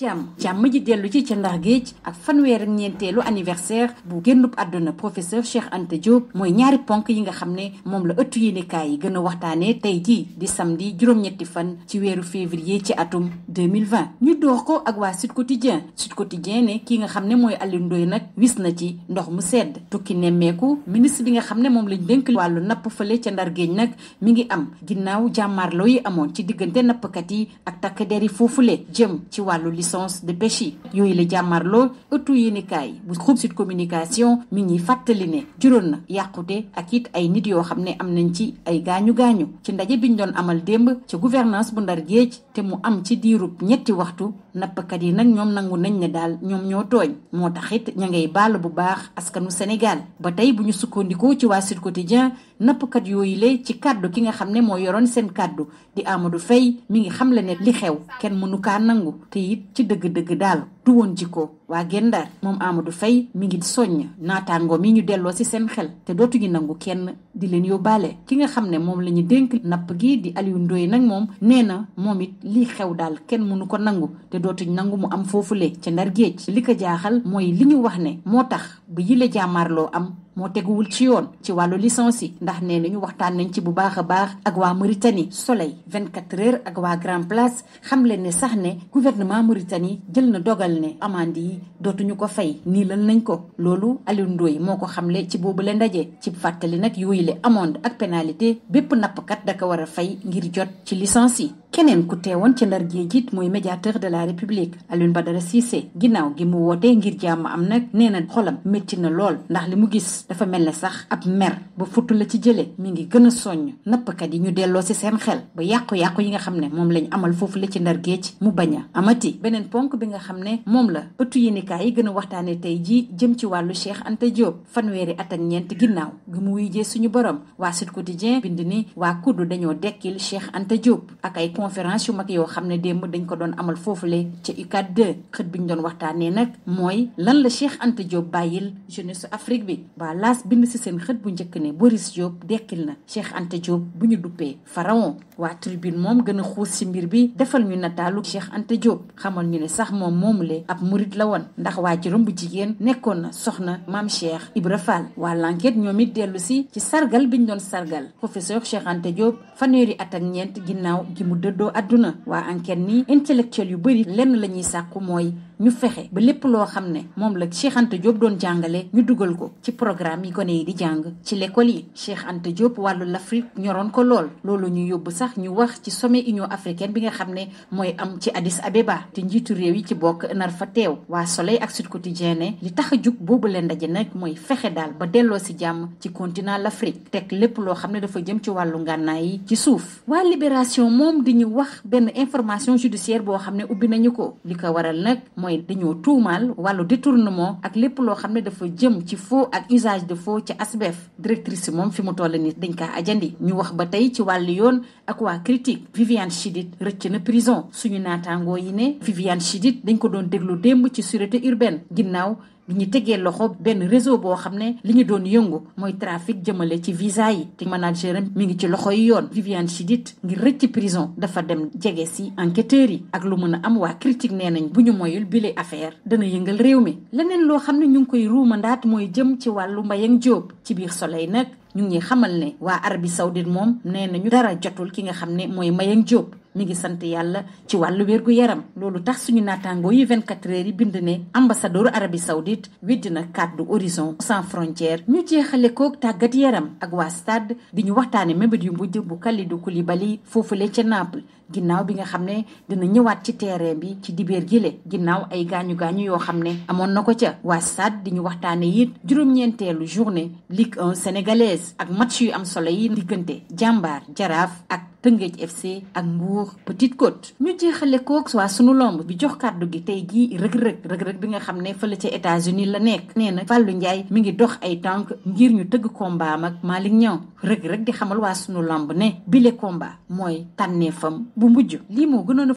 jàmm jàmm ji dellu ci ca ndax géej ak fanweer ak ñeenteelu anniversaire bu génnub àdduna professeur Cheikh Anta Diop mooy ñaari ponk yi nga xam ne moom la ëttu yéenekaay yi gën a waxtaanee tey jii di samedi juróom-ñetti fan ci weeru février ci atum 2020 ñu door ko ak waa Sud Quotidien Sud Quotidien ne ki nga xam ne mooy Alioune Ndoye nag wis na ci ndox mu sedd tukki nemmeeku ministre bi nga xam ne moom lañ dénk wàllu napp fële ca ndar géej nag mi ngi am ginnaaw jàmmaarloo yi amoon ci diggante nappkat yi ak takk der yi foofule jëm ci wàllu licence de pêche yi yooyu la jàmmarloo ëttu bu Communication mi ngi fàttali ne juróon na yàqute ak it ay nit yoo xam ne am nañ ci ay gaañu-gaañu ci ndaje biñ doon amal démb ca gouvernance bu ndar géej te mu am ci diirub ñetti waxtu nappkat yi nag ñoom nangu nañ ne daal ñoom ñoo tooñ moo tax it ña ngay baal bu baax askanu Sénégal ba tey bu ñu sukkandikoo ci waa Sud Quotidien nappkat yooyu le ci kàddu ki nga xam ne moo yoroon seen kaddu di Amadou Faye mi ngi xam la ne li xew kenn mënu nangu te it ci dëgg-dëgg daal du woon jikko waa Gendar moom Amadou Faye mi ngi soññ naataango mi ñu delloo ci seen xel te dootuñu nangu kenn di leen yóbbaale ki nga xam ne moom la ñu dénk napp gi di Aliou Ndoye nag moom nee na moom it lii xew daal kenn mënu ko nangu te dootuñ nangu mu am foofule ca ndar géej li ko jaaxal mooy li ñu wax ne moo tax bu yile jàmmaarloo am moo teguwul ci yoon ci wàllu licence yi ndax ne nañu waxtaan nañ ci bu baax a baax ak waa Mauritanie Soleil 24 heures ak waa Grand Place xam leen ne sax ne gouvernement Mauritanie jël na dogal xamal ne amande yi dootuñu ko fay nii lan nañ ko loolu Aliou Ndoye moo ko xamle ci boobu la ndaje ci fàttali nag yooyu le amande ak pénalité bépp nappkat da ko war a fay ngir jot ci licence yi keneen ku teewoon ci ndar géej it mooy médiateur de la république ba Badara Cissé ginnaaw gi mu woote ngir jàmm am nag nee na xolam métti na lool ndax li mu gis dafa mel ne sax ab mer ba futt la ci jële mi ngi gën a soññ nappkat yi ñu delloo si seen xel ba yàqu-yàqu yi nga xam ne moom lañ amal foofu la ci ndar géej mu bañ a amati beneen ponk bi nga xam ne moom la ëttu yéenikaay yi gën a waxtaane tey jii jëm ci wàllu Cheikh Anta Diop fanweeri at ak ñeent ginnaaw gi mu wuyjee suñu borom waa Sud Quotidien bind ni waa kuddu dañoo dekkil Cheikh Anta Diop ak conférence yu mag yoo xam ne démb dañ ko doon amal foofule ca UCAD 2 xët bi ñu doon waxtaanee nag mooy lan la Cheikh Anta Diop bàyyil jeunesse Afrique bi waa laas bind si seen xët bu njëkk ne Boris Diop dekkil na Cheikh Anta Diop bu ñu duppee pharaon waa tribune moom gën a xuus si mbir bi defal ñu nataalu Cheikh Anta Diop xamal ñu ne sax moom moomule ab murit la woon ndax waa waajuram bu jigéen nekkoon na soxna maam Cheikh Ibra Fall waa l'enquête ñoom it dellu si ci sargal bi doon sargal doo àdduna waa enquête ni intellectuel yu bëri lenn la ñuy sàkku mooy ñu fexe ba lépp loo xam ne moom la Cheikh Anta doon jàngale ñu dugal ko ci programme yi gone yi di jàng ci lekkool yi Cheikh Anta wàllu l'Afrique ñoroon ko lool loolu ñu yóbbu sax ñu wax ci some Union africaine bi nga xam ne mooy am ci Addis Abeba te njiitu réew yi ci bokk nar fa teew waa Soleil ak Sud Quotidien ne li tax a jug boobu leen ndaje nag mooy fexe daal ba delloo si jàmm ci continent l'Afrique teg lépp loo xam ne dafa jëm ci wàllu ngànnaay yi ci suuf waa Libération moom di ñu wax benn information judiciaire boo xam ne ubbi nañu ko li ko waral nag mooy dañoo tuumaal wàllu détournement ak lépp loo xam ne dafa jëm ci faux ak usage de faux ci ASBEF directrice moom fi mu toll ni dañ kaa ajandi ñu wax ba tey ci wàllu yoon ak waa critique Viviane Chidid rëcc na prison suñu naataangoo yi ne Viviane Chidid dañ ko doon déglu démb ci sureté urbaine ginnaaw bi ñu tegee loxo benn réseau boo xam ne li ñu doon yëngu mooy trafic jëmale ci visa yi te manager am mi ngi ci loxo yi yoon Viviane Chidid ngir ci prison dafa dem jege si enquêteurs yi ak lu mën a am waa critique nee nañ bu ñu moyul bile affaire dana yëngal réew mi leneen loo xam ne ñu ngi koy ruumandaat mooy jëm ci wàllu Mbayang Diop ci biir soleil nag ñu ngi xamal ne waa Arabie Saoudite moom nee na ñu dara jotul ki nga xam ne mooy Mbayang Diop mi ngi sant yàlla ci wàllu wérgu yaram loolu tax suñu naataangoo yi 24 heures yi bind ne ambassadooru Arabie Saoudite weddi na kàddu Horizon sans frontières ñu jeexale kook tàggat yaram ak waa stade di ñu waxtaane mébét yu mujj bu bali foofu le ca Naples ginnaaw bi nga xam ne dina ñëwaat ci terrain bi ci dibeer gile ginnaaw ay gaañu gaañu yoo xam ne amoon na ko ca waa stade di ñu waxtaane it juróom-ñeenteelu journée lii 1 sénégalaise ak match yu am solo yi diggante jàmbaar Tëngéej FC ak Mbour Petite Côte ñu jeexale koog waa sunu lomb bi jox kaddu gi tey jii rëg-rëg rëg-rëg bi nga xam ne fële ca États-Unis la nekk nee na Fallou Ndiaye mi ngi dox ay tànk ngir ñu tëgg combat mag Malick Niang rëg-rëg di xamal waa sunu lomb ne bile combat mooy tànneefam bu mujj lii moo gënoon